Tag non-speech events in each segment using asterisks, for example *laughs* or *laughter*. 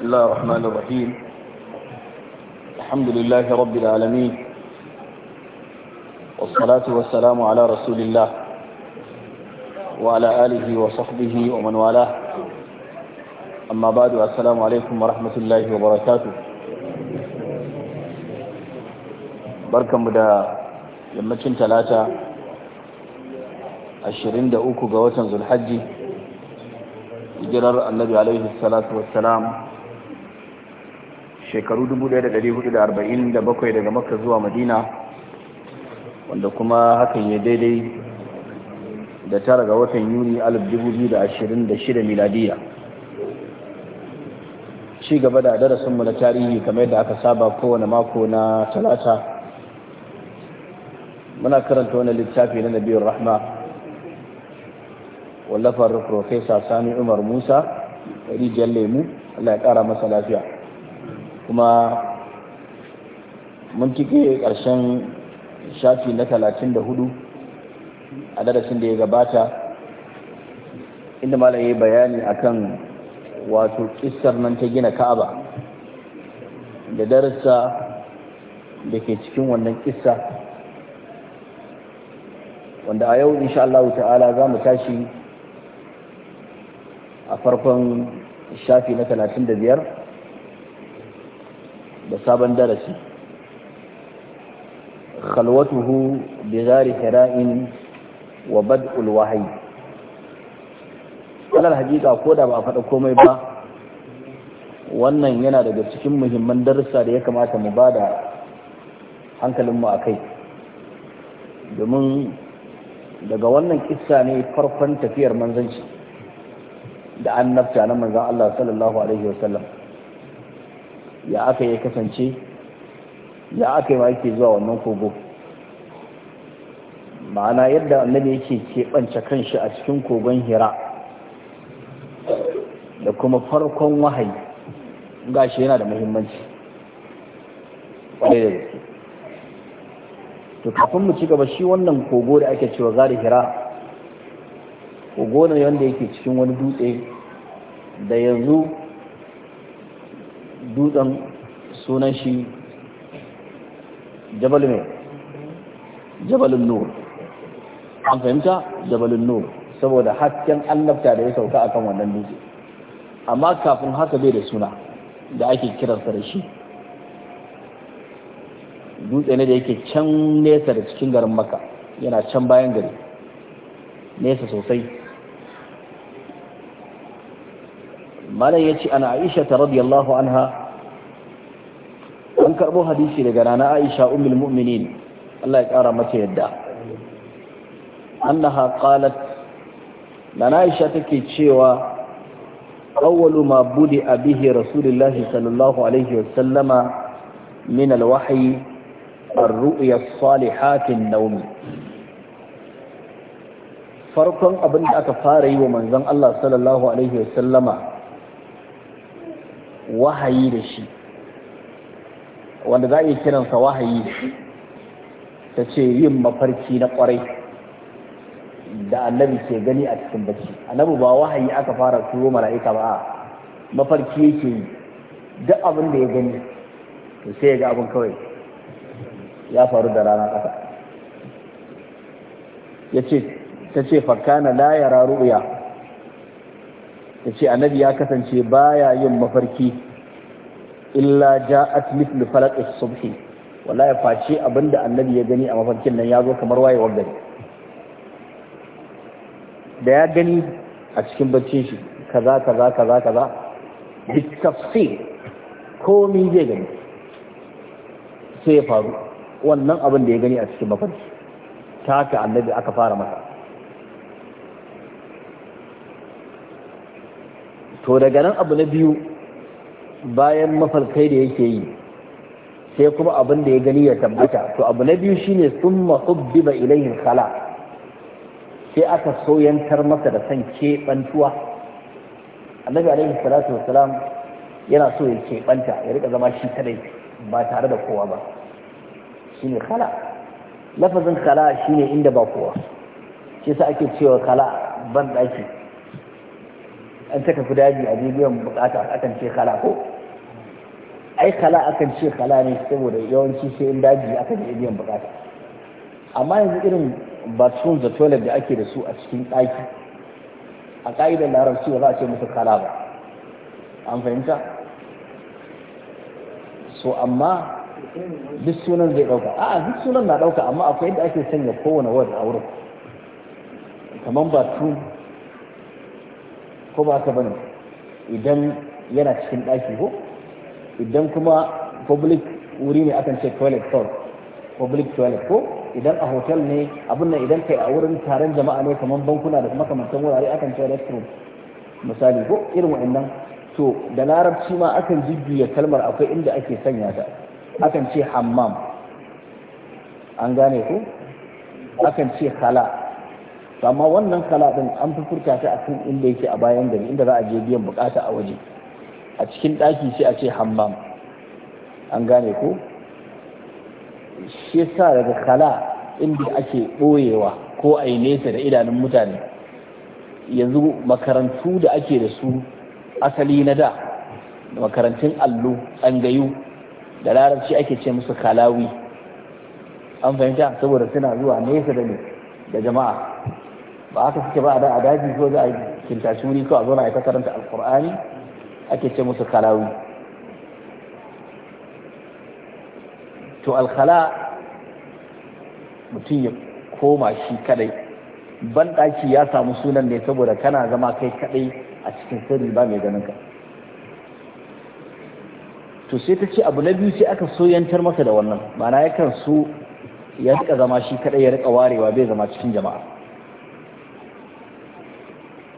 بسم الله الرحمن الرحيم الحمد لله رب العالمين والصلاة والسلام على رسول الله وعلى آله وصحبه ومن والاه أما بعد السلام عليكم ورحمة الله وبركاته بركم دا yammacin talata 23 ga watan zulhajji hijirar annabi alaihi salatu wassalam shekaru 1447 daga makka zuwa madina wanda kuma hakan ya daidai da tara ga watan yuni 2026 miladiya ci gaba da darasinmu na tarihi kamar da aka saba kowane mako na talata muna karanta wani littafi na nabiyar rahma wallafar profesa sani umar musa rijiyar lemu allah ya kara masa lafiya kuma mun kike ƙarshen shafi na talatin da hudu a darasin da ya gabata inda malam ya bayani akan wato kissar nan ta gina ka'aba da darasa da ke cikin wannan kissa wanda a yau insha Allah ta'ala za mu tashi a farkon shafi na talatin da biyar da sabon darasi khalwatuhu bi zari hira'in wa bad'ul wahayi alal hakika ko da ba a faɗa komai ba wannan yana daga cikin muhimman darussa da ya kamata mu ba da hankalinmu a kai domin daga wannan kissa ne farkon tafiyar manzanci da annabta na manzan Allah sallallahu alaihi wasallam ya aka yi kasance ya aka yi ma yake zuwa wannan kogo ma'ana yadda annabi yake keɓance shi a cikin kogon hira da kuma farkon wahayi gashi yana da muhimmanci to kafin mu ci gaba shi wannan kogo da ake cewa zari hira kogo ne wanda yake cikin wani dutse da yanzu dutsen sunan shi jabal ne jabalin nur an fahimta jabalin nur saboda hasken annabta da ya sauka akan wannan dutse amma kafin haka bai da suna da ake kiransa da shi dutse ne da yake can nesa da cikin garin maka yana can bayan gari nesa sosai malam ya ce ana aisha ta radiyallahu anha karbo hadisi daga nana Aisha ummul mu'minin Allah ya kara mata yadda annaha qalat nana Aisha take cewa awwalu ma budi bihi rasulullah sallallahu alaihi wa sallama min alwahyi ar salihat an-nawm farkon abin da aka fara yi wa manzon Allah sallallahu alaihi wa sallama wahayi da shi wanda za a iya kiransa wahayi ta ce yin mafarki na kwarai da annabi ke gani a cikin bacci annabi ba wahayi aka fara turo mala'ika ba mafarki yake yi duk abin da ya gani to sai ya ga abin kawai ya faru da rana ƙasa ya ce ta ce fakana la yara ru'ya ta ce annabi ya kasance baya yin mafarki illa ja'at mithlu falaq as-subhi wallahi face abinda annabi ya gani a mafarkin nan ya zo kamar waye gari da ya gani a cikin baccin shi kaza kaza kaza kaza bi tafsir komai zai gani sai ya faru wannan abin da ya gani a cikin mafarki ta haka annabi aka fara masa to daga nan abu na biyu bayan mafarkai da yake yi sai kuma abin da ya gani ya tabbata to abu na biyu shine sun subbiba ilayhi khala sai aka soyantar masa da san keɓantuwa annabi alaihi salatu wasalam yana so ya keɓanta ya rika zama shi kadai ba tare da kowa ba shine khala lafazin khala shine inda ba kowa shi sa ake cewa khala ban daki an saka kudaji a bidiyon bukata akan ce khala ko ai kala akan ce kala ne saboda yawanci sai in daji aka je biyan bukata amma yanzu irin bathroom da toilet da ake da su a cikin ɗaki a ƙa'idar larabci ba za a ce musu kala ba an fahimta so amma duk sunan zai ɗauka a duk sunan na ɗauka amma akwai inda ake sanya kowane word a wurin kamar bathroom ko ba ka bane idan yana cikin ɗaki ko idan kuma public wuri ne akan ce toilet stall public toilet ko idan a hotel ne abin nan idan kai a wurin taron jama'a ne kamar bankuna da kuma makamantan wurare akan ce restroom misali ko irin wa'annan to da larabci ma akan jujjuya kalmar akwai inda ake sanya ta akan ce hammam an gane ko akan ce kala amma wannan kala din an fi furta ta akan inda yake a bayan gari inda za a je biyan bukata a waje a cikin ɗaki sai a ce hammam an gane ku. shi sa daga kala inda ake ɓoyewa ko a yi nesa da idanun mutane yanzu makarantu da ake da su asali na da makarantun allo tsangayu da larabci ake ce musu kalawi an fahimta saboda suna zuwa nesa da ne da jama'a ba aka suke ba a da a daji ko za a kintashi wuri ko a zo na karanta alkur'ani ake ce musu kalawi to alkhala mutum ya koma shi kadai banɗaki ya samu sunan ne saboda kana zama kai kadai a cikin sirri ba mai ganin ka to sai ta ce abu na biyu sai aka soyantar masa da wannan ma'ana yakan so ya rika zama shi kadai ya rika warewa bai zama cikin jama'a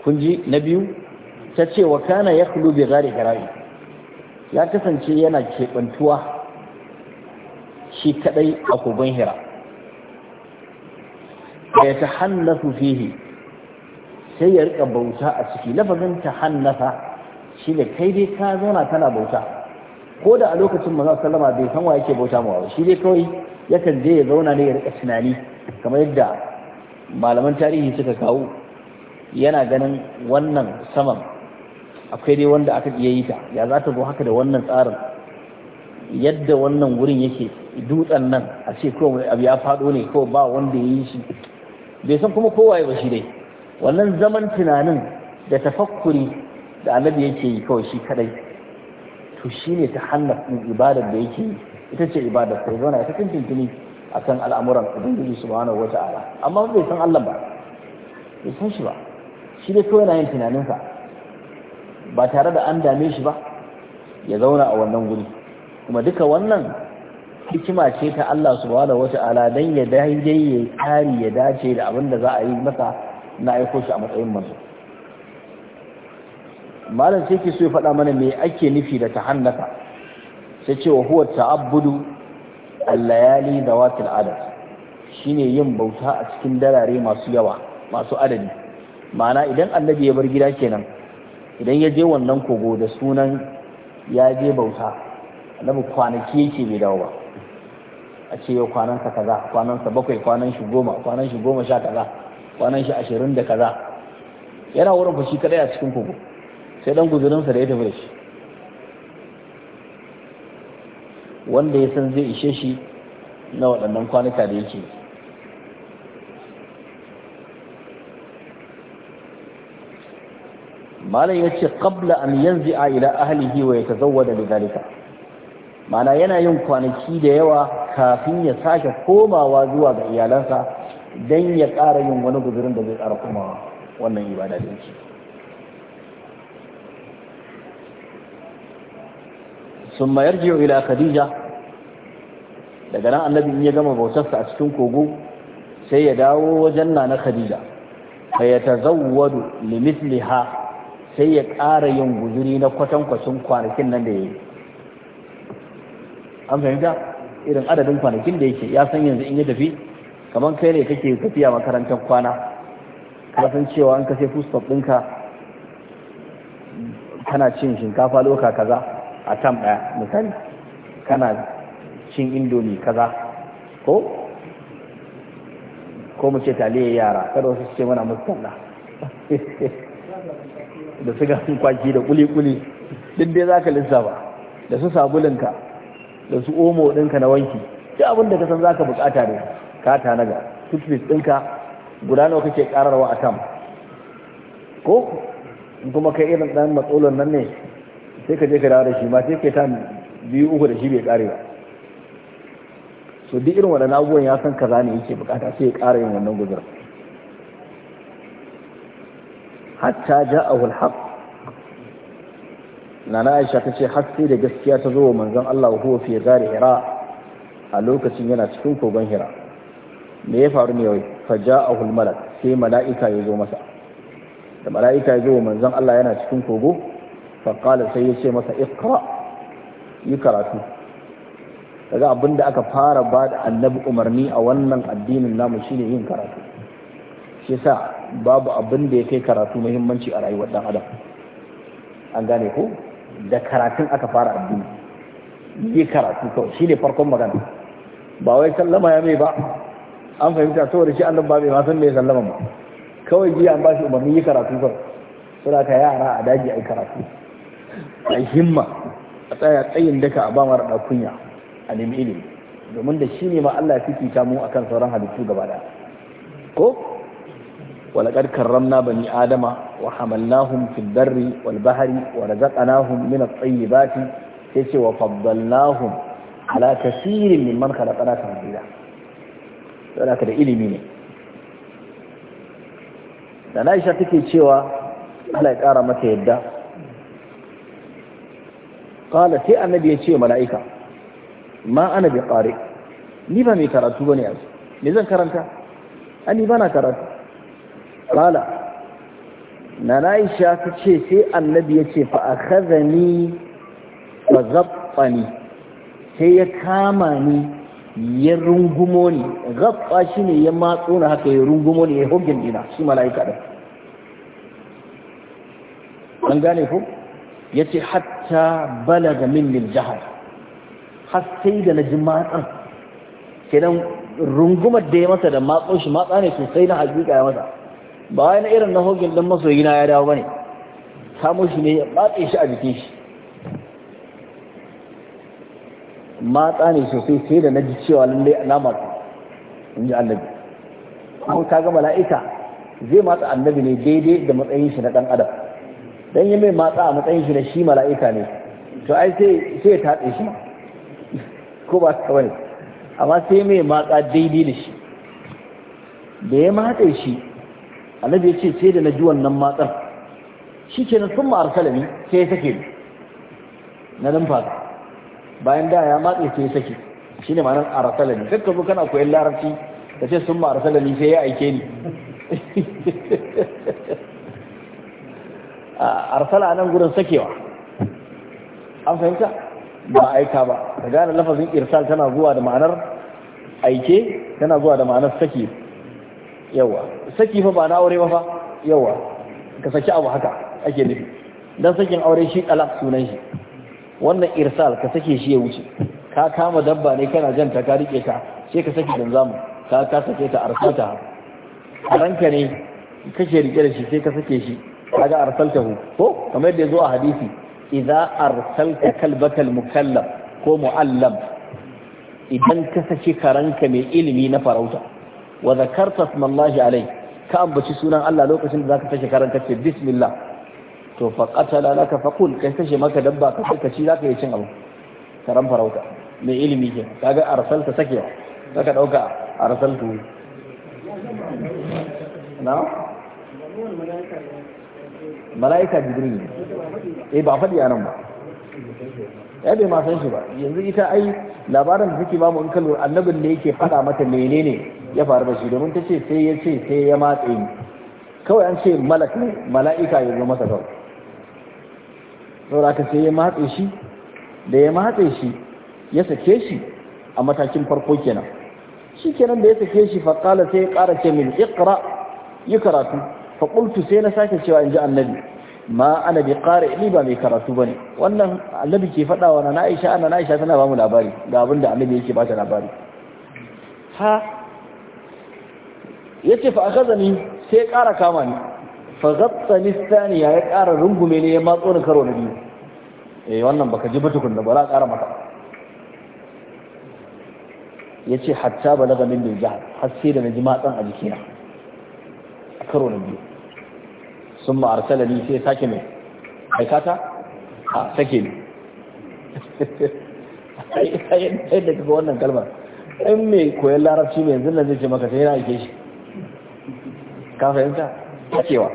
kun ji na biyu ta ce wa kana ya kulu bi gari garari ya kasance yana keɓantuwa shi kadai a kogon hira da ya su fihi sai ya rika bauta a ciki lafazin tahannasa shi ne kai dai ka zauna tana bauta ko da a lokacin manzon sallama bai san wa yake bauta mawa shi dai kawai yakan je ya zauna ne ya rika tunani kamar yadda malaman tarihi suka kawo yana ganin wannan saman akwai dai wanda aka iya yi ta ya za ta zo haka da wannan tsarin yadda wannan wurin yake dutsen nan a ce kawai abu ya faɗo ne ko ba wanda ya yi shi bai san kuma kowaye ba shi dai wannan zaman tunanin da tafakkuri da annabi yake yi kawai shi kadai to shi ne ta hannar ibadar da yake yi ita ce ibadar ta zauna ta tuntuntuni akan al'amuran ubangiji subhanahu ta'ala amma bai san Allah ba bai san shi ba shi dai kawai na yin tunaninsa ba tare da an dame shi ba ya zauna a wannan guri kuma duka wannan hikima ce ta Allah subhanahu wata'ala dan ya daidai ya kari ya dace da abin da za a yi masa na aiko shi a matsayin manzo malam sai ke so ya faɗa mana me ake nufi da tahannaka sai ce wa huwa ta'abbudu al-layali dawatil adad shine yin bauta a cikin darare masu yawa masu adadi ma'ana idan annabi ya bar gida kenan idan ya je wannan kogo da sunan ya je bauta annabi kwanaki yake bai dawo ba a ce yau kwanansa kaza kwanansa bakwai kwanan shi goma kwanan shi goma sha kaza kwanan shi ashirin da kaza yana wurin fashi kadai a cikin kogo sai dan guzurinsa da ya tafi da shi wanda ya san zai ishe shi na waɗannan kwanuka da yake yi malam yace qabla an a ila ahlihi wa yatazawwada lidhalika mana yana yin kwanaki da yawa kafin ya sake komawa zuwa ga iyalansa dan ya ƙara yin wani guzurin da zai ƙara komawa wannan ibada din shi mayar jiyo ila khadija daga nan annabi in ya gama bautarsa a cikin kogo sai ya dawo wajen na na khadija fa yatazawwadu limithliha sai ya ƙara yin guzuri na kwatankwacin kwanakin nan da ya yi an fahimta irin adadin kwanakin da yake ya san yanzu in ya tafi kamar kai ne kake tafiya makarantar kwana ka san cewa an kashe fuskop ɗinka kana cin shinkafa loka kaza a tam ɗaya misali kana cin indomi kaza ko ko mu ce taliyar yara kada wasu ce mana musu *laughs* da su ganin *laughs* kwaki da kuli-kuli duk dai za ka lissafa da su sabulinka da su omo ɗinka na wanki duk abin da ka san za ka bukata ne ka tanaga toothpaste ɗinka guda nawa kake kararwa a kam ko kuma kai irin ɗan matsalon nan ne sai ka je ka dawo da shi ma sai ka ta biyu uku da shi bai kare ba so duk irin waɗannan abubuwan ya san kaza ne yake bukata sai ya kara yin wannan gudunar hatta ja'ahu al-haq nana Aisha tace har sai da gaskiya ta zo wa manzon Allah huwa fi gari Hira a lokacin yana cikin kogon Hira me ya faru ne wai fa ja'ahu al-malak sai mala'ika ya zo masa da mala'ika ya zo wa manzon Allah yana cikin kogo fa qala sai ya ce masa iqra yi karatu daga abinda aka fara ba da annabi umarni a wannan addinin namu shine yin karatu shi sa babu abin da ya kai karatu muhimmanci a rayuwar dan adam an gane ko da karatun aka fara addini yi karatu kawai shi ne farkon magana ba wai sallama ya mai ba an fahimta saboda shi annan ba mai masan mai sallama ba kawai ji an bashi umarni yi karatu kawai suna ka yara a daji a yi karatu a himma a tsaya tsayin daka a ba mara kunya a nemi ilimi domin da shi ne ma Allah ya fifita mu akan sauran halittu gaba ɗaya ko ولقد كرمنا بني آدم وحملناهم في البر والبحر ورزقناهم من الطيبات يسي وفضلناهم على كثير من من خلقنا تفضيلا ذلك ده ilimi ne da Aisha take cewa Allah ya kara mata yadda qala sai annabi ya ce mala'ika ma ana bi qari ni ba mai karatu bane me zan karanta bana karatu ƙala na na'isha ta ce sai annabi ya ce fa'akazani ba zaɓani sai ya kama ni ya rungumo ni zaɓa shi ne ya matso na haka ya rungumo ni ya hogin dina shi mala'ika ɗin an gane ku ya ce hatta balaga min jihar har sai da na ji matsan rungumar da ya masa da matso shi matsa ne sosai na hakika ya masa ba na irin na hogin don masoyina ya dawo bane samun shi ne ya matse shi a jikin shi matsa ne sosai sai da na ji cewa lallai alama in ji annabi kuma ta ga mala'ika zai matsa annabi ne daidai da matsayin shi na dan adam dan yi mai matsa a matsayin shi na shi mala'ika ne to ai sai sai ya tatse shi ko ba ta bane amma sai mai matsa daidai da shi da ya matse shi annabi ya ce sai da na ji wannan matsar shi ke sun ma'ar salami sai ya sake na numfasa bayan da ya matse sai ya sake shi ne ma'anar salami duk ka zo kana koyon larabci ka ce sun ma'ar salami sai ya aike ni *laughs* arsala nan gurin sakewa an fahimta ba aika ba ka gane lafazin irsal tana zuwa da ma'anar aike tana zuwa da ma'anar sakewa yawa saki fa ba na aure ba fa yawa ka saki abu haka ake nufi dan sakin aure shi talaq sunan shi wannan irsal ka sake shi ya wuce ka kama dabba ne kana jan ta ka rike ta sai ka saki dan zamu ka ka sake ta arsalta ranka ne kake rike da shi sai ka sake shi kaga arsaltahu ko kamar yadda zo a hadisi idza arsalta kalbakal mukallaf ko muallam idan ka saki karanka mai ilimi na farauta wa zakarta smallahi alai ka ambaci sunan Allah lokacin da zaka tashi karanta ce bismillah to fa qatala laka faqul kai kashe maka dabba ka kai ci zaka yi cin abu karan farauta mai ilimi ke kaga arsalta sakewa zaka dauka arsaltu na malaika jibril eh ba fadi anan ba ya bai ma san shi ba yanzu ita ai labarin da take bamu in kallo annabin ne yake faɗa mata menene ya faru da shi domin ta ce sai ya ce sai ya matse ni kawai an ce malak ne mala'ika ya zo masa kawai saboda aka sai ya matse shi da ya matse shi ya sake shi a matakin farko kenan shi kenan da ya sake shi faƙala sai ya ƙara ce min iqra yi karatu faƙultu sai na sake cewa in ji annabi ma ana bi ƙara ni ba mai karatu ba ne wannan annabi ke faɗa wa na aisha ana na tana ba mu labari ga abin da annabi yake ba ta labari ha yace fa akhazani sai ƙara kama ni fa ghatta lisani ya ƙara rungume ne ya matso ni karo na biyu eh wannan baka ji batukun da ba za ƙara maka yace hatta balaga min bil jahal har sai da na ji matsan a jikina a karo na biyu sun ma ni sai sake mai aikata a sake ni sai *laughs* da kaga wannan kalmar in mai koyon larabci mai yanzu nan zai ce maka sai na aike shi ka fahimta cewa?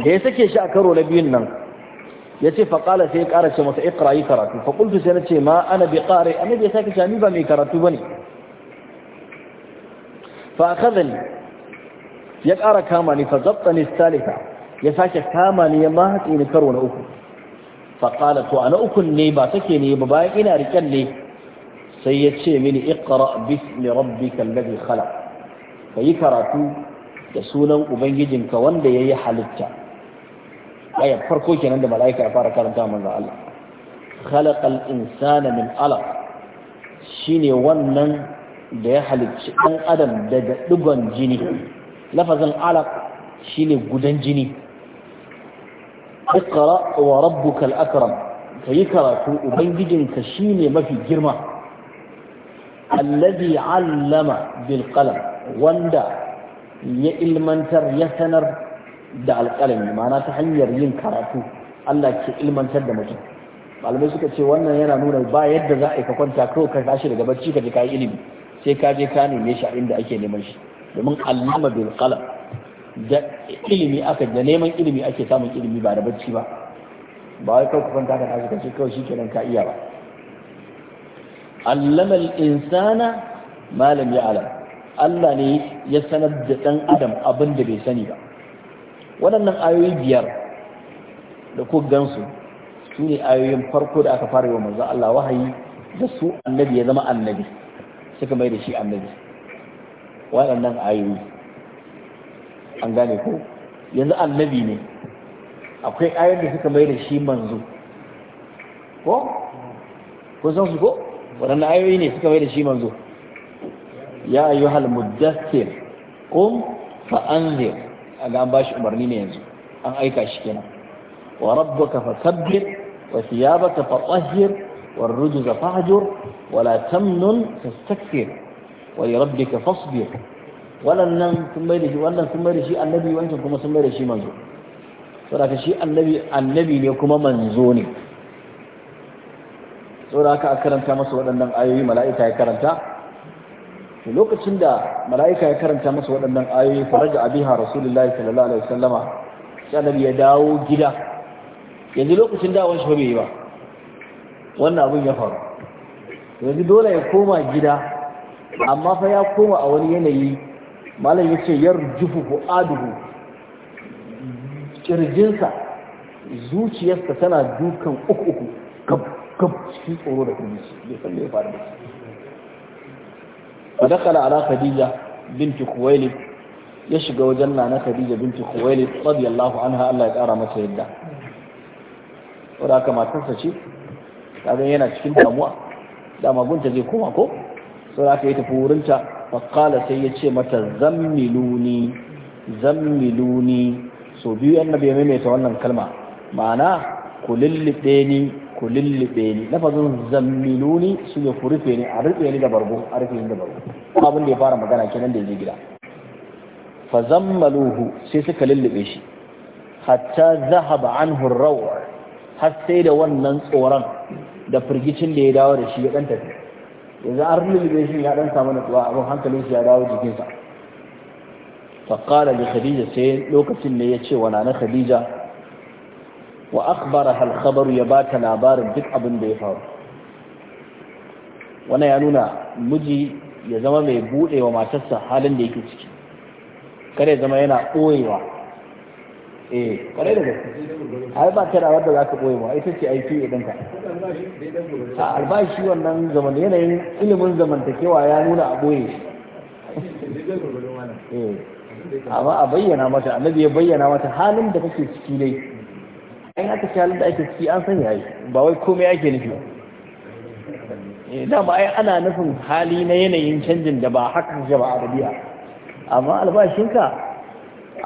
da ya sake shi a karo na biyun nan ya ce faƙala sai ya ƙara ce masa ikra yi karatu faƙultu sai na ce ma ana bi ƙare annabi ya sake shani ba mai karatu ba ne fa'akazani ya ƙara kama ni fa zaɓta ni salisa ya sake kama ni ya mahatsi ni karo na uku faƙala to a na ukun ne ba sake ne ba bayan ina riƙen ne sai ya ce mini ikra bismi rabbika alladhi khalaq ka yi karatu da sunan ubangijinka wanda ya yi halitta ayar farko kenan da mala'ika ya fara karanta manzo Allah khalaqal insana min alaq shine wannan da ya halicci dan adam daga digon jini lafazin alaq shine gudan jini iqra wa rabbukal akram kayi karatu ubangijinka shine mafi girma allazi allama bil wanda ya ilmantar ya sanar da alƙalami ma'ana ta hanyar yin karatu Allah ke ilmantar da mutum malamai suka ce wannan yana nuna ba yadda za a yi ka kwanta kawai ka tashi daga barci ka je ka yi ilimi sai ka je ka neme shi a inda ake neman shi domin allama bil qalam da ilimi aka da neman ilimi ake samun ilimi ba da barci ba ba wai kawai ka kwanta ka tashi ka ce kawai shikenan ka iya ba allama al insana malam ya alam Allah ne ya sanar da ɗan adam abin da bai sani ba waɗannan ayoyi biyar da ku gansu su ne ayoyin farko da aka fara yi wa manzo Allah wahayi da su annabi ya zama annabi suka mai da shi annabi waɗannan ayoyi an gane ko yanzu annabi ne akwai ayoyin da suka mai da shi manzo ko ko san su ko waɗannan ayoyi ne suka mai da shi manzo ya ayyuhal muddathir qum fa anzir aga an bashi umarni ne yanzu an aika shi kenan wa rabbuka fasabbih wa thiyabaka fatahhir والرجز فاهجر ولا تمنن تستكثر ولربك فاصبر Wannan sun mai da shi wannan sun mai da shi annabi wancan kuma sun mai da shi manzo saboda shi annabi annabi ne kuma manzo ne saboda haka a karanta masa waɗannan ayoyi mala'ika ya karanta to lokacin da mala'ika ya karanta masa waɗannan ayoyi faraja abiha rasulullahi sallallahu alaihi wasallama sai annabi ya dawo gida yanzu lokacin da shi bai yi ba wannan abun ya faru yanzu dole ya koma gida amma fa ya koma a wani yanayi malam yace yarjufu fuaduhu kirjinsa zuciyarsa tana dukan uku uku kab kab cikin tsoro da kuma shi bai san me ya faru ba fa ala khadija binti khuwailid ya shiga wajen nana khadija binti khuwailid radiyallahu anha Allah ya kara mata yadda saboda haka matarsa ce kaga yana cikin damuwa dama gunta zai koma ko saboda haka ya tafi wurinta fa qala sai ya ce mata zammiluni zammiluni so biyu annabi ya maimaita wannan kalma ma'ana ku lillibe ni ku lullube ni lafazin zammiluni su ne ku rufe ni a rufe ni da bargo a rufe ni da bargo abin da ya fara magana kenan da ya je gida fa zammaluhu sai suka lullube shi hatta zahaba anhu rawa har sai da wannan tsoron da firgicin da ya dawo da shi ya dan tafi yanzu an lullube shi ya dan samu nutsuwa abin hankalin shi ya dawo jikinsa fa qala li khadija sai lokacin ne ya ce wa nana khadija wa akhbaraha hal khabaru ya bata labarin duk abin da ya faru wannan ya nuna miji ya zama mai bude wa matarsa halin da yake ciki kare zama yana boyewa eh kare da gaske ai ba ta da wanda za ka koyewa ai ita ai aiki danka ta a albashi wannan zaman yanayin ilimin zamantakewa ya nuna a boye shi eh, amma a bayyana mata annabi ya bayyana mata halin da kake ciki dai ai aka ci halin da ake ciki an sani yayi ba wai komai ake nufi ba eh, da ba ai ana nufin hali na yanayin canjin da ba haka shi ba arabiya dabi'a amma albashinka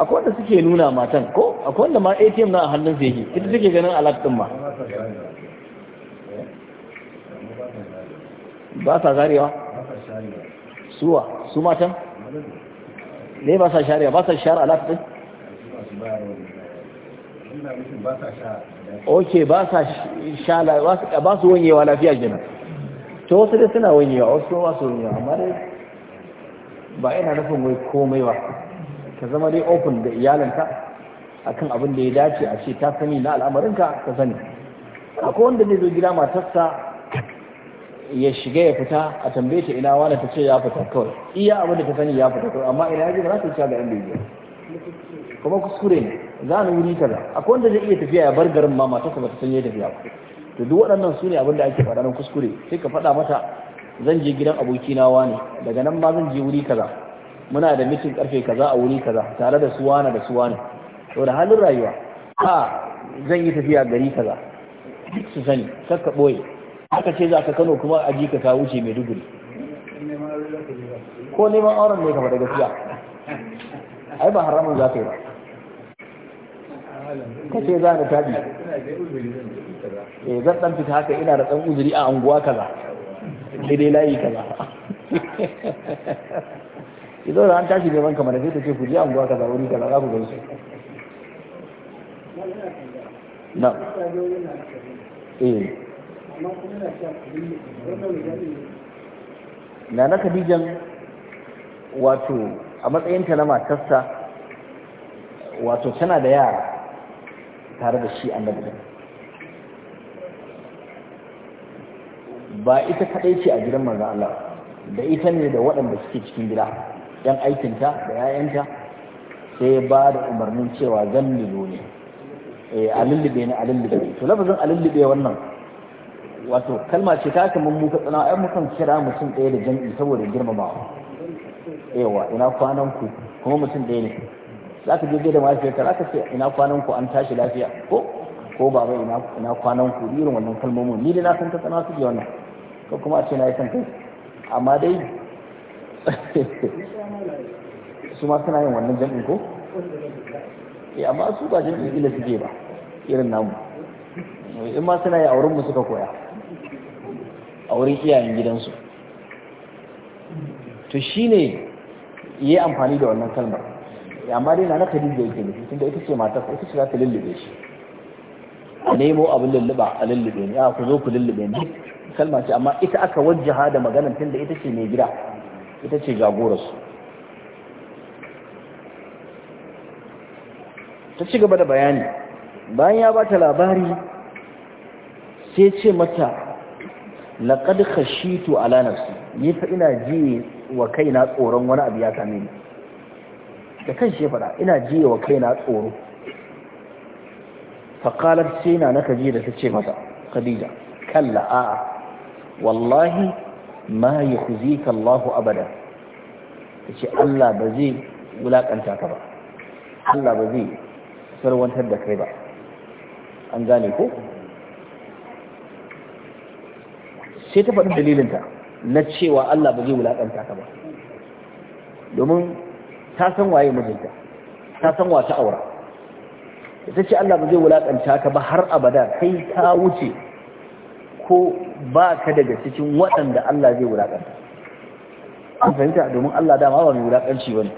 akwai wanda suke nuna matan ko akwai wanda ma ATM na a sa yake ita take ganin alat din ma ba sa zarewa suwa su matan ne ba sa sharewa ba sa share alat din ok ba sa sha ba su wanyewa lafiya kenan to wasu dai suna wanyewa wasu kuma su wanyewa amma dai ba ina nufin wai komai ba ka zama dai open da iyalinka akan abin da ya dace a ce ta sani na al'amarinka ka sani akwai wanda zai zo gida matarsa ya shiga ya fita a tambaye ta ina wani ta ce ya fita kawai iya abin da ta sani ya fita kawai amma ina ya ji ba za ta yi ga yan kuma kuskure ne za ni wuri kaza akwai wanda zai iya tafiya ya bar garin ma mata ba ta san yayi tafiya to duk waɗannan sune ne abin da ake faɗa nan kuskure sai ka faɗa mata zan je gidan na wani daga nan ma zan je wuri kaza muna da mitin karfe kaza a wuri kaza tare da su wani da su wani to da halin rayuwa a zan yi tafiya gari kaza duk su sani kar ka aka ce za ka kano kuma a ji ka ta wuce mai duguri ko neman auren ne ka faɗa gaskiya ai ba haramun za ka yi ba kace za ni tabi eh zan dan fita haka ina da dan uzuri a anguwa kaza sai dai layi kaza *laughs* idan da an tashi gaban kamar sai ta ce ku je anguwa kaza wuri kaza za ku ga na eh na na kadijan wato a matsayinta na matarsa wato tana da yara tare da shi annabi ba ita kadai ce a gidan manzon Allah da ita ne da waɗanda suke cikin gida yan aikinta da yayanta sai ba da umarnin cewa zan lilo ne eh, a lullube ne a lullube to lafazin a lullube wannan wato kalma ce ta kamar ka tsana ai kan kira mutum ɗaya da jami'i saboda girmamawa yawa ina kwanan ku kuma mutum ɗaya ne za ka je da mahaifiyarka za ka ce ina kwanan ku an tashi lafiya ko ko baba ina ina kwanan ku irin wannan kalmomin ni da na san ta sana su ji wannan ko kuma a ce na yi san kai amma dai *laughs* su ma suna yin wannan jam'in ko eh amma su ba jam'in ila suke ba irin namu eh, in ma suna yi a wurin mu suka koya a wurin iyayen gidansu to shine yi amfani da wannan kalmar amma dai na na Khadija yake nufi tunda ita ce matar ita ce za ta lullube shi a nemo abin lulluba a lullube ne a ku zo ku lullube ne kalma ce amma ita aka wajjaha da maganar tunda ita ce mai gida ita ce jagorarsu ta ci gaba da bayani bayan ya ba ta labari sai ce mata laƙad khashitu ala nafsi ni fa ina ji wa na tsoron wani abu ya same ni da kan shi faɗa, ina jiye wa kaina tsoro faƙalar sai na na da ta ce masa khadija kalla a'a wallahi ma ya kuzika kallahu abada ta ce Allah ba zai wulaƙanta ka ba Allah ba zai sarwantar da kai ba an gane ko sai ta faɗi dalilinta na cewa Allah ba zai wulaƙanta ka ba domin ta san waye mijinta ta san wa ta aura ita ce Allah ba zai wulakanta ka ba har abada kai ka wuce ko ba ka daga cikin waɗanda Allah zai wulakanta an fahimta domin Allah dama ba mai wulakanci bane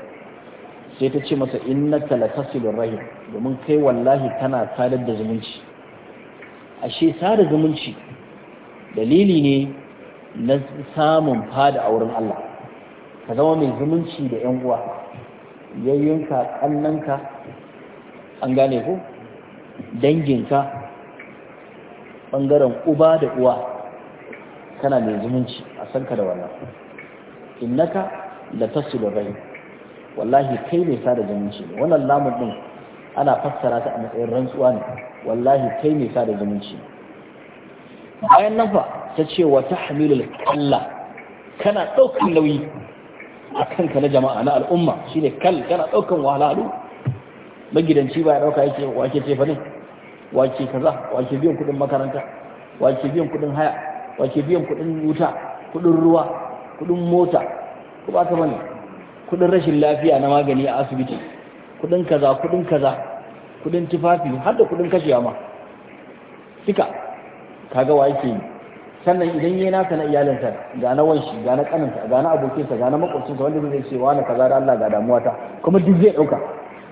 sai ta ce masa innaka latasilur rahim domin kai wallahi kana sadar da zumunci ashe sada zumunci dalili ne na samun fada a wurin Allah ka zama mai zumunci da 'yan uwa Yayyunka ƙannanka an gane ku danginka ɓangaren uba da uwa kana mai zumunci a sanka da wannan innaka da tasiru bai, wallahi kai mai sada zumunci ne wannan lamun ɗin ana fassara ta a matsayin rantsuwa ne wallahi kai mai sada zumunci bayan nan fa ta ce wa hamilul kalla kana ɗaukar nauyi a kanka na jama'a na al'umma shi ne kal kana ɗaukan wahalalu magidanci ba ya ɗauka yake wake ce fa ne wake kaza wake biyan kudin makaranta wake biyan kudin haya wake biyan kudin wuta kudin ruwa kudin mota ku ba ka mani kudin rashin lafiya na magani a asibiti kudin kaza kudin kaza kudin tufafi har da kudin kashewa ma duka kaga wa yake yi sannan idan yi nasa na iyalinsa ga na wanshi ga na kaninsa ga na abokinsa ga na makwabcinsa wanda zai ce wani kaza da Allah ga damuwa kuma duk zai dauka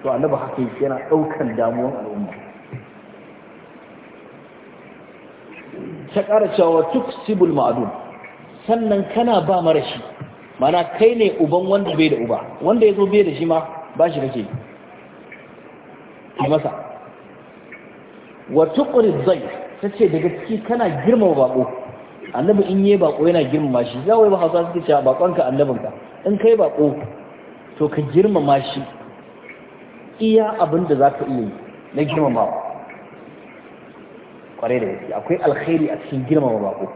to annabi haka yana daukan damuwan al'umma ta kara cewa tuk sibul ma'adun sannan kana ba mara shi mana kai ne uban wanda bai da uba wanda ya zo bai da shi ma ba shi kake a masa wa zai ta ce daga ciki kana girmama baƙo. annabi in yi bako yana girmama shi za wai ba hausa suke cewa bakonka annabinka in kai bako to ka girmama shi iya abin da za ka iya yi na ba kwarai da yake akwai alkhairi a cikin girmama bako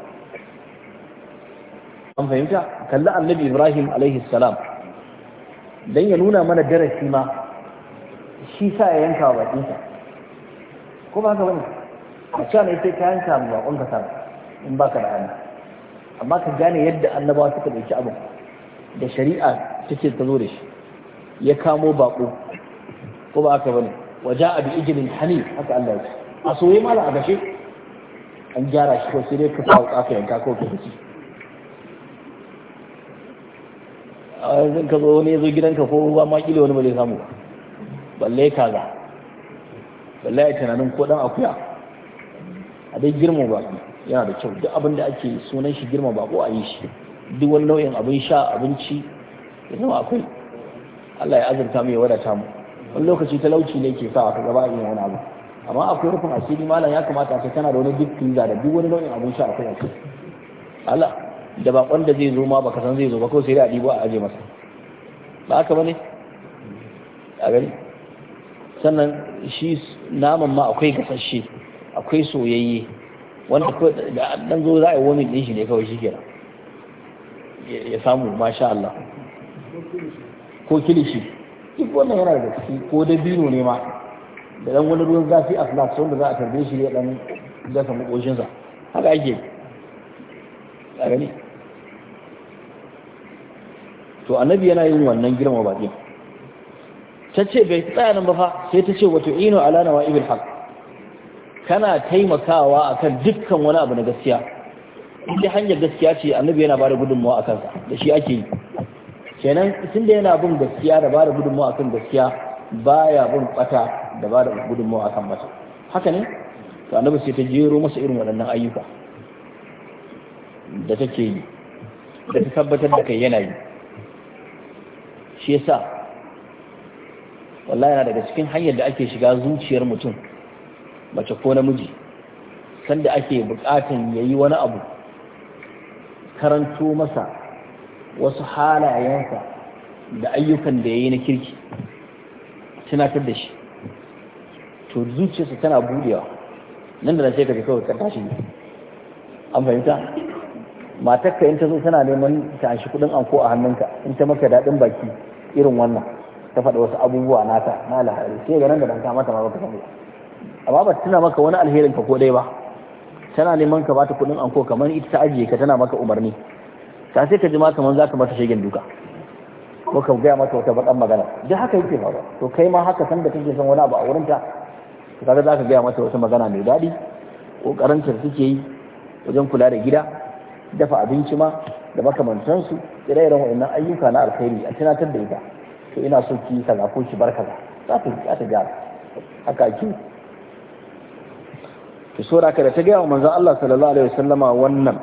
an fahimta kalli annabi ibrahim alaihi salam ya nuna mana darasi ma shi sa ya yanka wa bakinsa ko ba haka wani a cewa ne sai ka yanka wa bakonka sana in ka da hannu amma ka gane yadda annabawa suka ɗauki abin da shari'a take ta zo da shi ya kamo bako ko ba aka bane waja abi ijlin hani haka Allah ya ce a soye mala a gashe an gyara shi ko sai dai ka sa aka yanka ko ka ci a yanzu ka zo wani ya zo gidanka ko ruwa ma kila wani ba zai samu balle kaza balle ya tunanin ko dan akuya a dai girma baki yana da kyau duk abin da ake sunan shi girma bako a yi shi duk wani nau'in abin sha abinci ya zama akwai Allah ya azurta mu ya wadata mu wani lokaci talauci ne ke sawa ka gaba a yin wani abu amma akwai rufin asiri malam ya kamata sai tana da wani duk da duk wani nau'in abin sha akwai akwai Allah da bakon da zai zo ma baka san zai zo ba ko sai da ɗibo a aje masa ba haka bane a gani sannan shi naman ma akwai gasashe akwai soyayye wanda ko da dan zo za a yi wani din shi ne kawai shi kenan ya samu masha Allah ko kilishi duk wannan yana da ciki ko da biro ne ma da dan wani ruwan zafi a flask wanda za a tarbe shi ne dan gasa sa haka ake a gani to annabi yana yin wannan girma baƙi ta ce bai tsaya nan ba fa sai ta ce wato ino ala nawa ibil haqq kana taimakawa akan dukkan wani abu na gaskiya in hanyar gaskiya ce annabi yana bada gudunmawa akan da shi ake yi kenan tun da yana bin gaskiya da bada gudunmawa akan gaskiya baya bin kwata da bada gudunmawa akan bata haka ne to annabi sai ta jero masa irin waɗannan ayyuka da take yi da ta tabbatar da kai yana yi shi yasa wallahi yana daga cikin hanyar da ake shiga zuciyar mutum mace ko namiji sanda ake bukatan ya yi wani abu karanto masa wasu halayensa da ayyukan da ya yi na kirki tunatar da shi to zuciyarsa tana budewa nan da na ce ka kawai ka tashi an fahimta matakka in ta zo tana neman ta shi kudin anko a hannunka in ta maka daɗin baki irin wannan ta faɗa wasu abubuwa nata na alhari sai ga nan da ban mata ba ka amma ba tana maka wani alherin ka ko dai ba tana neman ka bata kudin anko kamar ita ta ajiye ka tana maka umarni ta sai ka ji ma kamar ka mata shegen duka ko ka gaya mata wata bakan magana duk haka yake faruwa to kai ma haka san da kake son wani abu a wurin ta za ka gaya mata wata magana mai daɗi kokarin da suke yi wajen kula da gida dafa abinci ma da makamantansu ire-iren waɗannan ayyuka na alkhairi a tunatar da ita to ina so ki kaza ko ki bar za ta gyara haka ki to saboda haka da ta gaya wa manzan Allah sallallahu alaihi wasallama wannan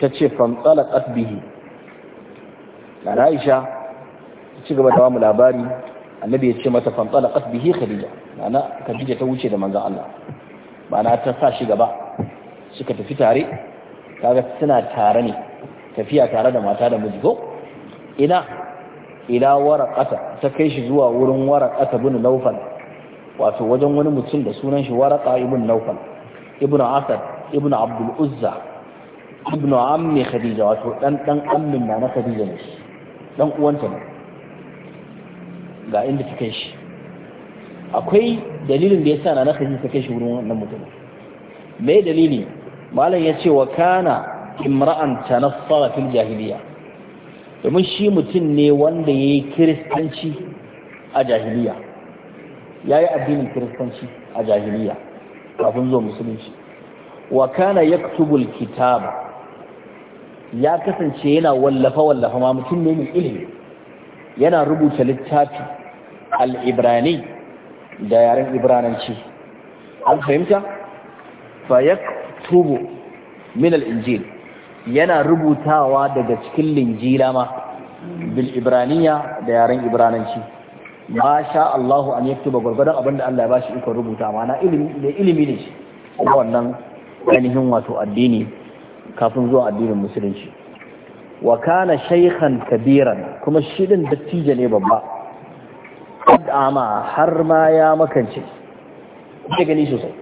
ta ce famtsalaqat bihi na Aisha ta ci gaba da mu labari annabi ya ce mata famtsalaqat bihi Khadija ma'ana Khadija ta wuce da manzan Allah Ba na ta sa shi gaba suka tafi tare kaga suna tare ne tafiya tare da mata da miji ko ina ila waraqata ta kai shi zuwa wurin waraqata bin Nawfal wato wajen wani mutum da sunan shi waraka ibn naufal ibn asad ibn abdul uzza ibn ammi khadija wato dan dan ammin na khadija ne dan uwanta ne ga inda ta kai shi akwai dalilin da yasa na khadija ta kai shi wurin wannan mutum me dalili malam yace wa kana imra'an tanassara fil jahiliya domin shi mutum ne wanda yayi kiristanci a jahiliya ya yi addinin kiristanci a jahiliya kafin zuwa musulunci wa kana yaktubul kitaba ya kasance yana wallafa wallafa ma mutum ne mai ilimi yana rubuta littafi al-ibrani da yaren ibrananci an fahimta fa yaktubu min al yana rubutawa daga cikin linjila ma bil ibraniya da yaren ibrananci ma sha Allahu an yaktuba gwargwadon abin da Allah ya bashi ikon rubuta mana ilimi da ilimi ne na wannan ainihin wato addini kafin zuwa addinin musulunci wa kana shaykhan kabiran kuma shi din dattijo ne babba kad har ma ya makance ya gani sosai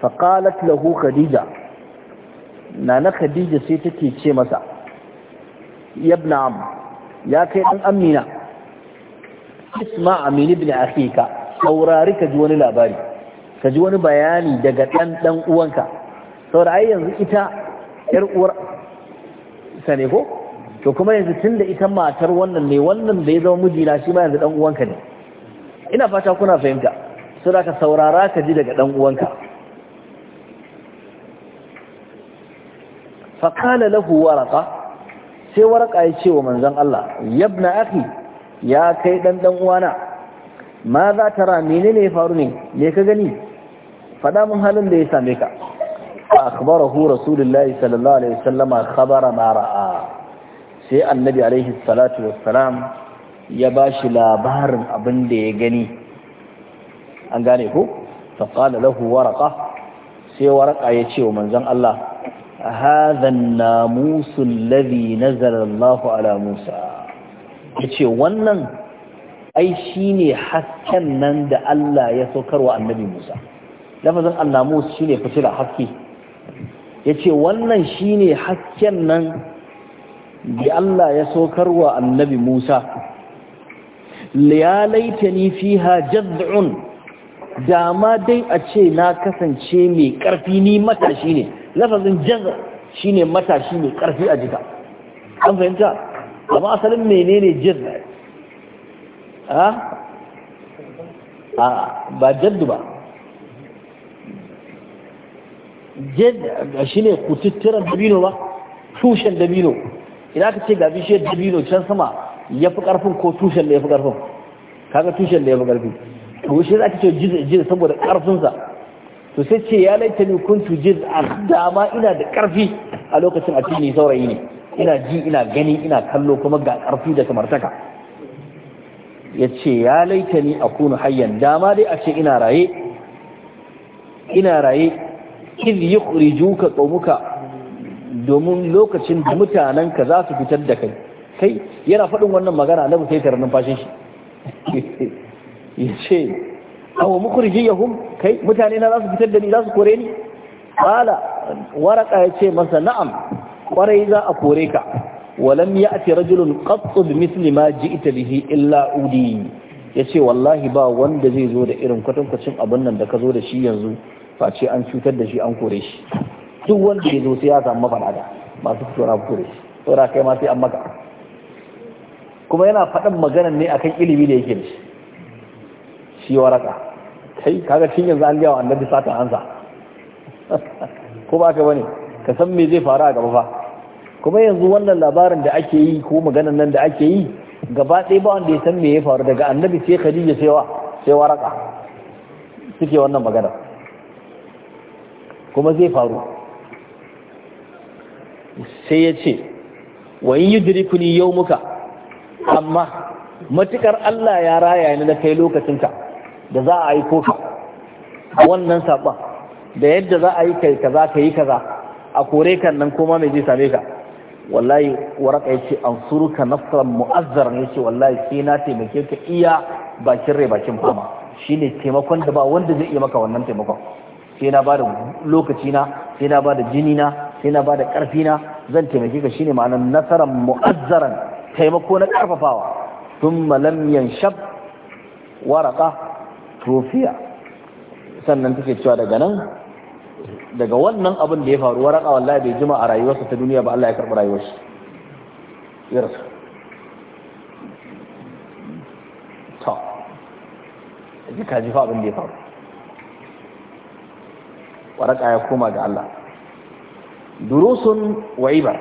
fa qalat lahu khadija nana khadija sai take ce masa Yabna'am am ya kai dan amina isma amin bin akhika saurari ka ji wani labari ka ji wani bayani daga dan dan uwanka saboda ai yanzu ita yar uwar sane ko to kuma yanzu tunda ita matar wannan ne wannan da ya zama mijina shi ma yanzu dan uwanka ne ina fata kuna fahimta saboda ka saurara ka ji daga dan uwanka فقال له ورقة sai waraka ya ce wa manzan Allah yabna aki ya kai dan uwana ma za tara menene ya faru ne me ka gani Faɗa mun halin da ya same ka akhbarahu rasulullahi sallallahu alaihi wasallama khabara ma ra'a sai annabi alaihi salatu wassalam ya bashi labarin abin da ya gani an gane ko fa qala lahu waraqa sai waraqa ya ce wa manzon Allah hadha an-namusu alladhi nazala Allahu ala Musa Yace wannan ai shi ne hasken nan da Allah ya saukarwa annabi Musa lafazin annamus shi ne fitila haske ya wannan shi ne hasken nan da Allah ya saukarwa annabi Musa ta laitani fiha jaz'un dama dai a ce na kasance mai karfi ni matashi ne lafazin jaz' shine matashi mai karfi a jika an fahimta amma asalin menene jazm ha a ba jaddu ba jadda shi ne kututturan dabino ba tushen dabino idan aka ce ga bishiyar dabino can sama ya fi karfin ko tushen da ya fi karfin kaga tushen da ya fi karfin to shi za ka ce jiz saboda karfinsa to sai ce ya laita ni kuntu jiz a dama ina da karfi a lokacin a cikin saurayi ne ina ji ina gani ina kallo kuma ga ƙarfi da samartaka ya ce ya laita ni a kunu hayyan dama dai a ce ina raye ina raye iz yukhrijuka qaumuka domin lokacin da mutanenka za su fitar da kai kai yana faɗin wannan magana annabi sai tarar numfashin shi *laughs* ya ce awa ya mukhrijiyahum kai mutane na za su fitar da ni za su kore ni qala waraka ya ce masa na'am kwarai za a kore ka walam ya'ti rajulun qattu bimithli ma ji'ta bihi illa udi yace wallahi ba wanda zai zo da irin kwatankwacin abin nan da ka zo da shi yanzu face an cutar da shi an kore shi duk wanda ya zo sai ya samu mafarada masu na kore shi saura kai ma sai an maka kuma yana faɗin maganar ne akan ilimi da yake da shi shi waraka kai kaga cin yanzu an yawa annabi satan ansa *laughs* ko ba ka bane ka san me zai faru a gaba fa kuma yanzu wannan labarin da ake yi ko maganan nan da ake yi gaba ɗaya ba wanda ya san me ya faru daga annabi sai khadija sai wa sai waraka suke wannan magana kuma zai faru sai ya ce wa in yudrikuni yawmuka amma matukar Allah ya raya ni na kai lokacinka da za a aiko ka wannan saɓa da yadda za a yi kaza ka yi kaza a kore kan nan koma mai zai same ka wallahi waraka yace ansuruka nasran mu'azzaran yace wallahi sai na taimake ka iya bakin rai bakin fama shine taimakon da ba wanda zai iya maka wannan taimakon sai na bada lokaci na sai na bada jini na sai na bada karfi na zan taimake ka shine ma'anar nasaran mu'azzaran taimako na karfafawa tun lam yanshab waraka tufiya sannan take cewa daga nan daga wannan abin da ya faru waraka wallahi bai jima a rayuwarsa ta duniya ba Allah ya karɓi rayuwarsa yarsa ta ji ka ji fa abin da ya faru waraka ya koma ga Allah durusun wa ibar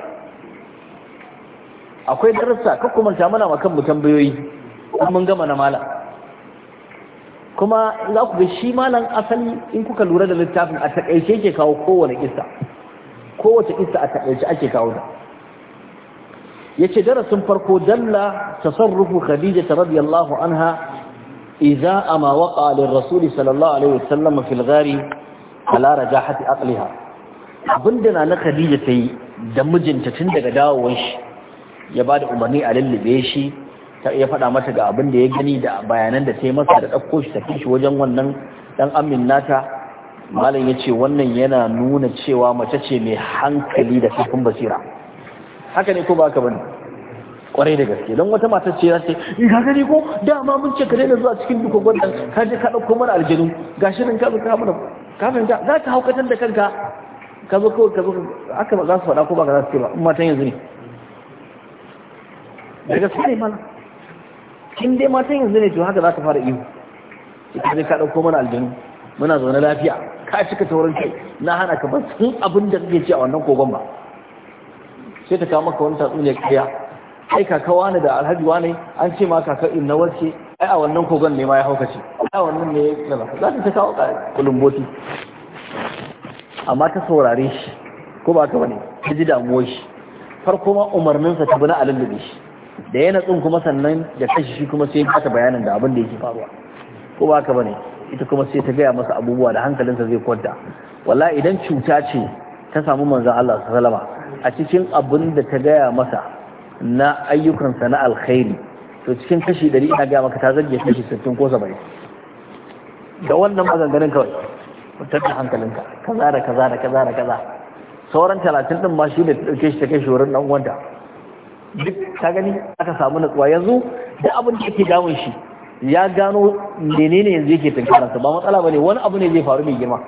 akwai darussa ta mana makan mu tambayoyi mun gama na malam kuma za ku ga shi malam asali in kuka lura da littafin a takaice ke kawo kowane kissa kowace kissa a takaice ake kawo da yace darasin farko dalla tasarrufu khadija radiyallahu anha idza ama waqa lirrasul sallallahu alaihi wasallam fil ghari ala rajahati aqliha abinda na khadija tayi da mijinta tun daga dawowar shi ya bada umarni a lallube shi ta iya faɗa mata ga abin da ya gani da bayanan da ta yi masa da ɗauko shi tafi shi wajen wannan ɗan amin nata malam ya ce wannan yana nuna cewa mace ce mai hankali da kifin basira haka ne ko ba haka bane kwarai da gaske don wata mata ce ya ce yi ka gani ko dama mun ce ka daina zuwa cikin duk gwannan ka je ka ɗauko mana aljanu gashi nan ka zo ka mana kafin za ka haukatar da kanka ka zo kawai ka zo ba za su faɗa ko ba ka za su ce ba in matan yanzu ne da gaske ne malam in dai matan yanzu ne to haka za ka fara ihu ita ne ka ɗauko mana aljanu muna zaune lafiya ka cika taurin kai na hana ka ba sun abin da kake ci a wannan kogon ba sai ta kawo maka wani tatsuniyar kariya ai kaka wani da alhaji wani an ce ma kaka in na warke ai a wannan kogon ne ma ya haukace a wannan ne ya za ta kawo kulumboti amma ta saurare shi ko ba ka bane ta ji damuwar shi farko ma umarninsa ta bi na alalabe shi da ya natsun kuma sannan da kashi shi kuma sai ya bayanin da abin da yake faruwa ko ba ka bane ita kuma sai ta gaya masa abubuwa da hankalinsa zai kwanta Wala idan cuta ce ta samu manzon Allah sallama a cikin abin da ta gaya masa na ayyukansa na alkhairi to cikin kashi 100 ina gaya maka ta zage kashi 60 ko 70 da wannan maganganun kawai mutar da hankalinka kaza da kaza da kaza da kaza sauran talatin din ma shi da ta ɗauke shi ta kai shi wurin ɗan uwanta duk ta gani aka samu natsuwa yanzu da abin da yake damun shi ya gano menene yanzu yake tunkararsa ba matsala bane wani abu ne zai faru mai girma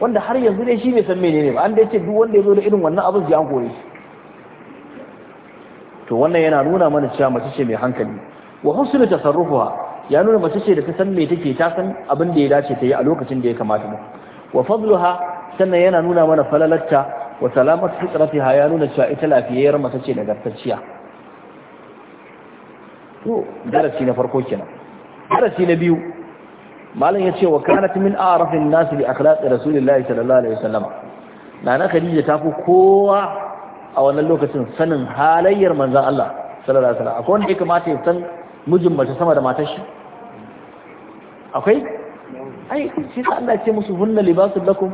wanda har yanzu ne shi bai san menene ba an da yake duk wanda ya zo da irin wannan abin an kore shi to wannan yana nuna mana cewa mace ce mai hankali wa husnul tasarrufuha ya nuna mace ce da ta san me take ta san abin da ya dace ta yi a lokacin da ya kamata ba wa fadluha sannan yana nuna mana falalatta wa salamat fitratiha ya nuna cewa ita lafiyayyar mace ce da nagartacciya to darasi na farko kenan darasi na biyu malam ya ce wa kanat min arafin nas bi akhlaq rasulillahi sallallahu alaihi wasallam nana khadija ta fi kowa a wannan lokacin sanin halayyar manzon Allah sallallahu alaihi wasallam akwai wanda ya kamata ya san mijin mace sama da matar shi akwai ai shi sa Allah ce musu hunna libasul lakum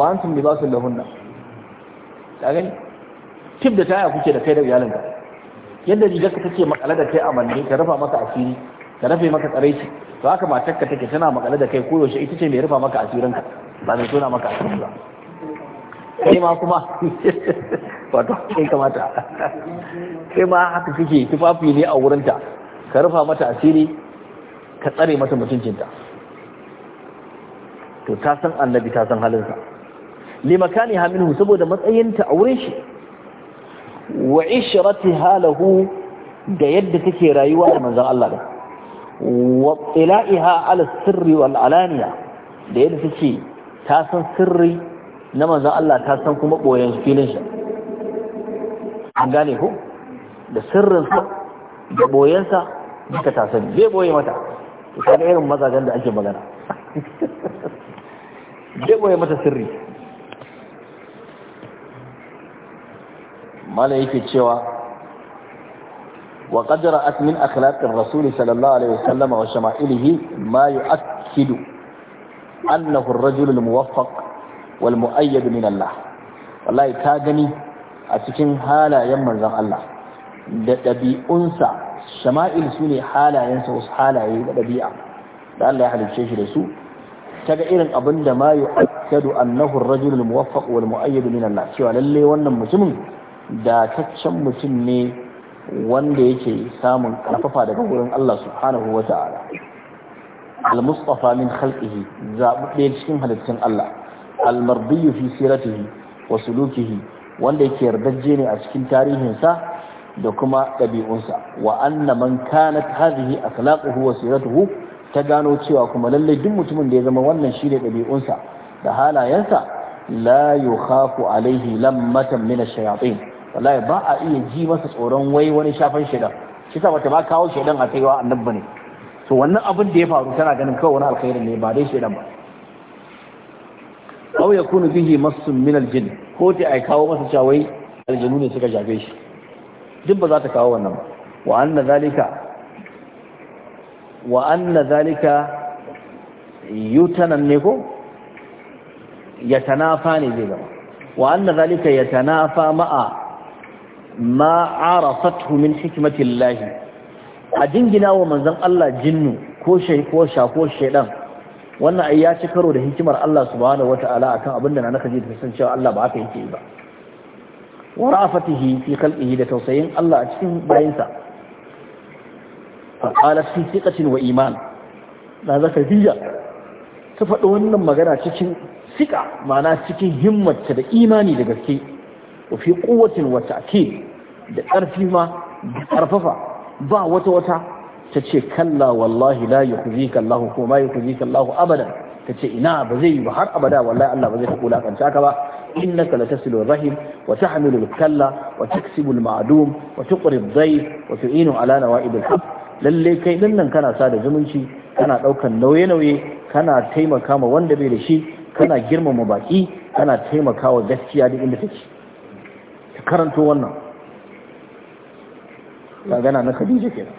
wa antum libasul lahunna ka gani tib da taya kuke da kai da iyalinka yadda rigar ka take makale da kai a manne ta rufa maka asiri ta rufe maka tsaraici to haka matar ka take tana makale da kai koyaushe ita ce mai rufa maka asirin ka ba zai tona maka asiri ba kai ma kuma *laughs* wato kai kamata kai ma haka kake tufafi ne a wurinta ka rufa mata asiri ka tsare mata mutuncinta to ta san annabi ta san halin sa limakani haminu saboda matsayinta a wurin shi wa ishratiha lahu da yadda take rayuwa da manzon Allah da wa ila'iha ala sirri wal alaniya da yadda take ta san sirri na manzon Allah ta san kuma boyen filin shi an gane ko da sirrin sa da boyen sa duka ta san zai boye mata to kaga irin mazajen da ake magana *laughs* zai boye mata sirri malam yake cewa wa qad ra'at min akhlaqir sallallahu alaihi wasallam wa shama'ilihi ma yu'akkidu annahu ar-rajul al-muwaffaq wal mu'ayyad min Allah wallahi ka gani a cikin halayen manzon Allah da ɗabi'unsa shama'il su halayen sa wasu halaye da ɗabi'a da Allah ya halicce shi da su ta ga irin abin da ma yu'akkadu annahu ar-rajul al-muwaffaq wal mu'ayyad min Allah cewa lalle wannan mutumin dataccen mutum ne wanda yake samun karfafa daga wurin Allah subhanahu wa ta'ala al-mustafa min khalqihi cikin halittun Allah al-mardiyyu fi siratihi wa sulukihi wanda yake yardajje ne a cikin tarihinsa da kuma ɗabi'unsa wa anna man kanat hadhihi akhlaquhu wa siratuhu ta gano cewa kuma lalle duk mutumin da ya zama wannan shine ɗabi'unsa da halayensa la yukhafu alaihi lammatan min ash-shayatin wallahi ba a iya ji masa tsoron wai wani shafan shaidan shi sa bata ba kawo shaidan a kaiwa annabba ne. to wannan abin da ya faru tana ganin kawai wani alkhairi ne ba dai shaidan ba aw yakunu bihi massun min aljin ko ta ai kawo masa cawai aljanu ne suka jabe shi duk ba za ta kawo wannan ba wa anna zalika wa anna zalika yutanan ne ko tanafa ne zai zama wa anna zalika tanafa ma'a ma arafathu min hikmatillahi a jingina wa manzon Allah jinnu ko shay ko shako shedan wannan ai ya ci karo da hikimar Allah subhanahu wataala akan abin da na ji da san cewa Allah ba haka yake ba wa ra'afatihi fi khalqihi da tausayin Allah a cikin bayinsa fa qala fi thiqatin wa iman da zakariya ta faɗi wannan magana cikin sika ma'ana cikin himmata da imani da gaske wa fi quwwatin wa ta'kid da ƙarfi ma da ƙarfafa ba wata wata ta ce kalla wallahi la yukhzika Allah ko ma yukhzika Allah abadan ta ce ina ba zai yi ba har abada wallahi Allah ba zai taɓa wulakanta ka ba إنك لتصل الرحم وتحمل الكلة وتكسب المعدوم وتقري الضيف وتعين على نوائب الحق lalle kai din nan kana sada zumunci kana ɗaukan nauye-nauye kana taimaka ma wanda bai da shi kana girmama baki kana taimakawa gaskiya duk inda take ka karanto wannan magana na khadija kenan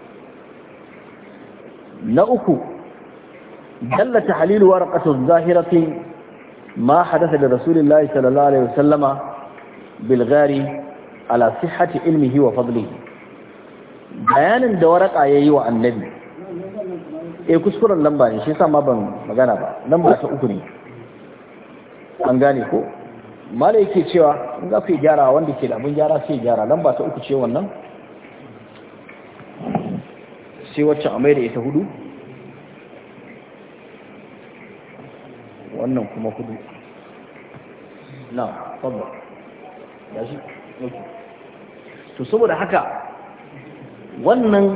na uku dalla tahlilu warqatu zahirati ma hadatha da rasulullahi sallallahu alaihi wasallama bil ghari ala sihhati ilmihi wa fadlihi bayanin da waraka yayi wa annabi eh kuskuren lamba ne shi sama ma ban magana ba lamba ta uku ne an gane ko mala yake cewa in za ku yi gyara wanda ke da abin gyara sai gyara lamba ta uku ce wannan sai wacce a mai da ita hudu wannan kuma hudu na fadda ya shi ne to saboda haka wannan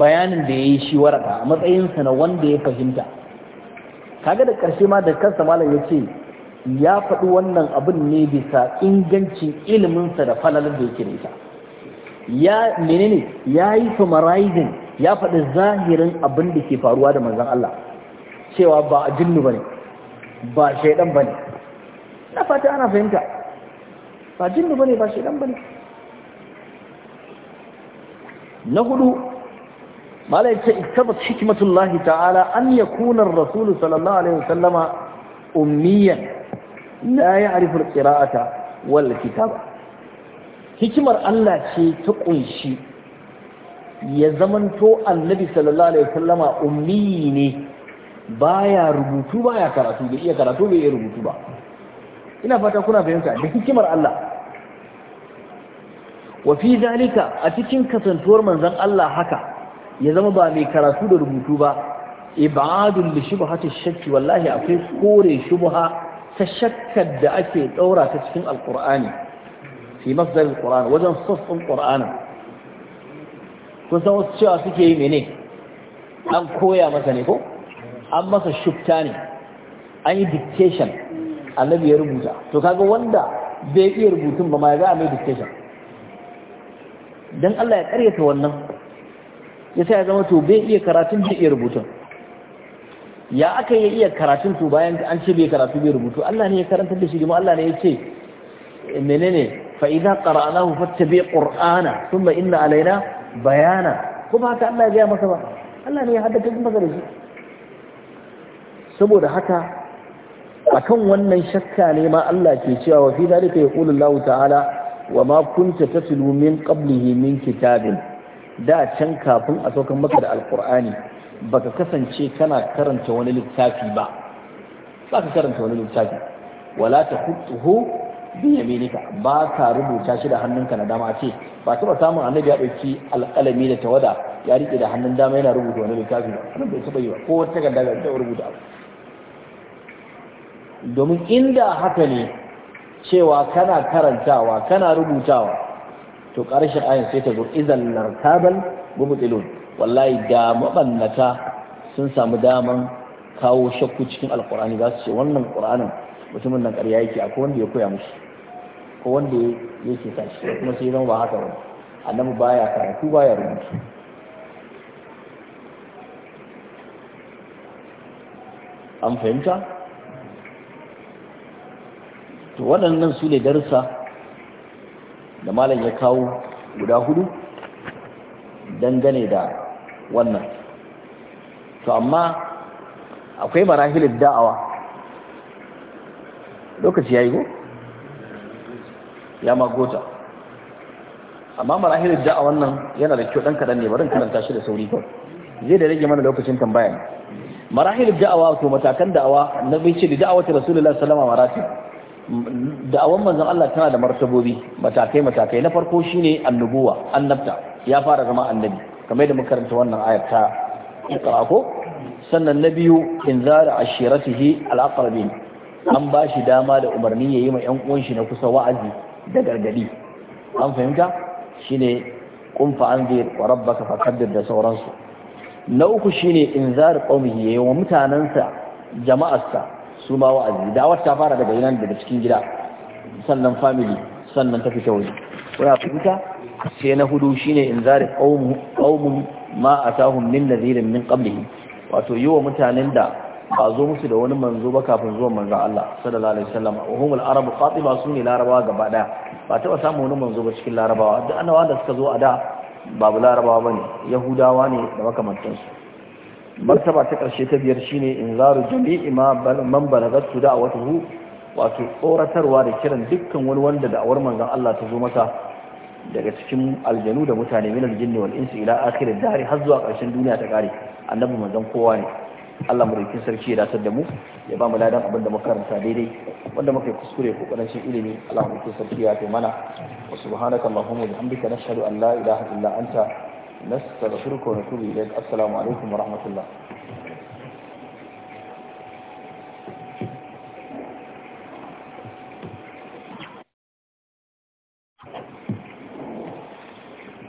bayanin da ya yi shi waraka a matsayinsa na wanda ya fahimta kaga da ƙarshe ma da kansa malam ya ce ya faɗi wannan abin ne bisa ingancin iliminsa da falalar da yake da ita ya menene ya yi summarizing ya faɗi zahirin abin da ke faruwa da manzan Allah cewa ba a jinnu ba ne ba shaidan bane na fata ana fahimta ba jinnu ba ne ba shaidan bane. na hudu malai ce iktabat hikmatullahi ta'ala an yakuna ar-rasul sallallahu alaihi wasallama ummiyan la ya'rifu al-qira'ata wal kitaba hikimar Allah ce ta kunshi ya zamanto annabi sallallahu alaihi wasallama ummi ne baya rubutu baya karatu bai iya karatu bai iya rubutu ba ina fata kuna fahimta da hikimar Allah wa fi a cikin kasantuwar manzon Allah haka ya zama ba mai karatu da rubutu ba ibadun li shubhati shakki wallahi akwai kore shubha ta shakkar da ake daura ta cikin alqur'ani fi masdar alquran wajen sassan qur'ana kun san wasu cewa suke yi mene an koya masa ne ko an masa shubta ne an yi dictation annabi ya rubuta to kaga wanda bai iya rubutun ba ma ya ga mai dictation dan Allah ya ta wannan ya sai ya zama to bai iya karatun bai iya rubutun ya aka yi iya karatun to bayan an ce bai karatu bai rubutu Allah ne ya karanta da shi kuma Allah ne ya ce menene فإذا قرأناه فاتبع قرآنا ثم إن علينا بيانا كما هكا الله جاء مثلا الله ne ya haddace masa da saboda haka akan wannan shakka ne ma Allah ke cewa wa fi ya yaqulu Allah ta'ala wa makunta kunta tatlu min qablihi min kitabin da can kafin a sauka maka da alqur'ani baka kasance kana karanta wani littafi ba karanta wani littafi wala taqutuhu yaminika ba ka rubuta shi da hannunka na dama ce ba taba samun annabi ya dauki alƙalami da tawada ya rike da hannun dama yana rubuta wani littafi ba bai saba yi ba ko wata takarda da ta rubuta ba domin inda haka ne cewa kana karantawa kana rubutawa to ƙarshen ayin sai ta zo izan lartabal bubutilun wallahi da mabannata sun samu daman kawo shakku cikin alqur'ani za su ce wannan ƙuranin. mutumin nan ƙarya yake akwai wanda ya koya mushi ko wanda ke sa shi kuma sai zama ba haka ba annabi baya karatu baya rubutu an fahimta to waɗannan su ne darussa da malam ya kawo guda hudu dangane da wannan to amma akwai marahilin da'awa lokaci ya yi go ya magota amma marahilar da'a wannan yana da kyau ɗan kaɗan ne barin karanta shi da sauri kawai zai da rage mana lokacin tambaya marahilar da'awa to matakan da'awa na bai da da'awa ta rasulullah sallama maratib da'awan manzan Allah tana da martabobi matakai matakai na farko shine annubuwa annabta ya fara zama annabi kamar da makaranta wannan ayar ta iqra ko sannan na biyu in inzar ashiratihi al-aqrabin an ba shi dama da umarni ya yi ma 'yan uwan shi na kusa wa'azi da gargadi an fahimta shi ne ƙunfa an zai wa rabbaka faqaddir da sauransu na uku shine inzar ya yi wa mutanansa jama'arsa su ma wa'azi Dawar ta fara daga yanar daga cikin gida sannan famili, sannan tafi waje kuna fahimta sai na hudu shine inzar qaumun ma sahun min min wato yi wa mutanen da ba zo musu da wani manzo ba kafin zuwan manzo Allah sallallahu alaihi wasallam humul arabu qatiba sunni larabawa gaba daya ba taba samu wani manzo ba cikin larabawa duk annabawa da suka zo a da babu larabawa bane yahudawa ne da makamantansu martaba ta karshe ta biyar shine inzaru jami'i ma man balagatu da'watuhu wato tsoratarwa da kiran dukkan wani wanda da'awar manzon Allah ta zo masa daga cikin aljanu da mutane min aljinni wal insi ila da dari har zuwa karshen duniya ta kare annabi manzon kowa ne Allah mu rikin sarki ya datar da mu ya ba mu ladan abin da makaranta daidai wanda muka kuskure ko karancin ilimi Allah mu rikin sarki ya taimana mana wa subhanaka allahumma wa bihamdika nashhadu an la ilaha illa anta nastaghfiruka wa natubu ilayk assalamu alaikum wa rahmatullah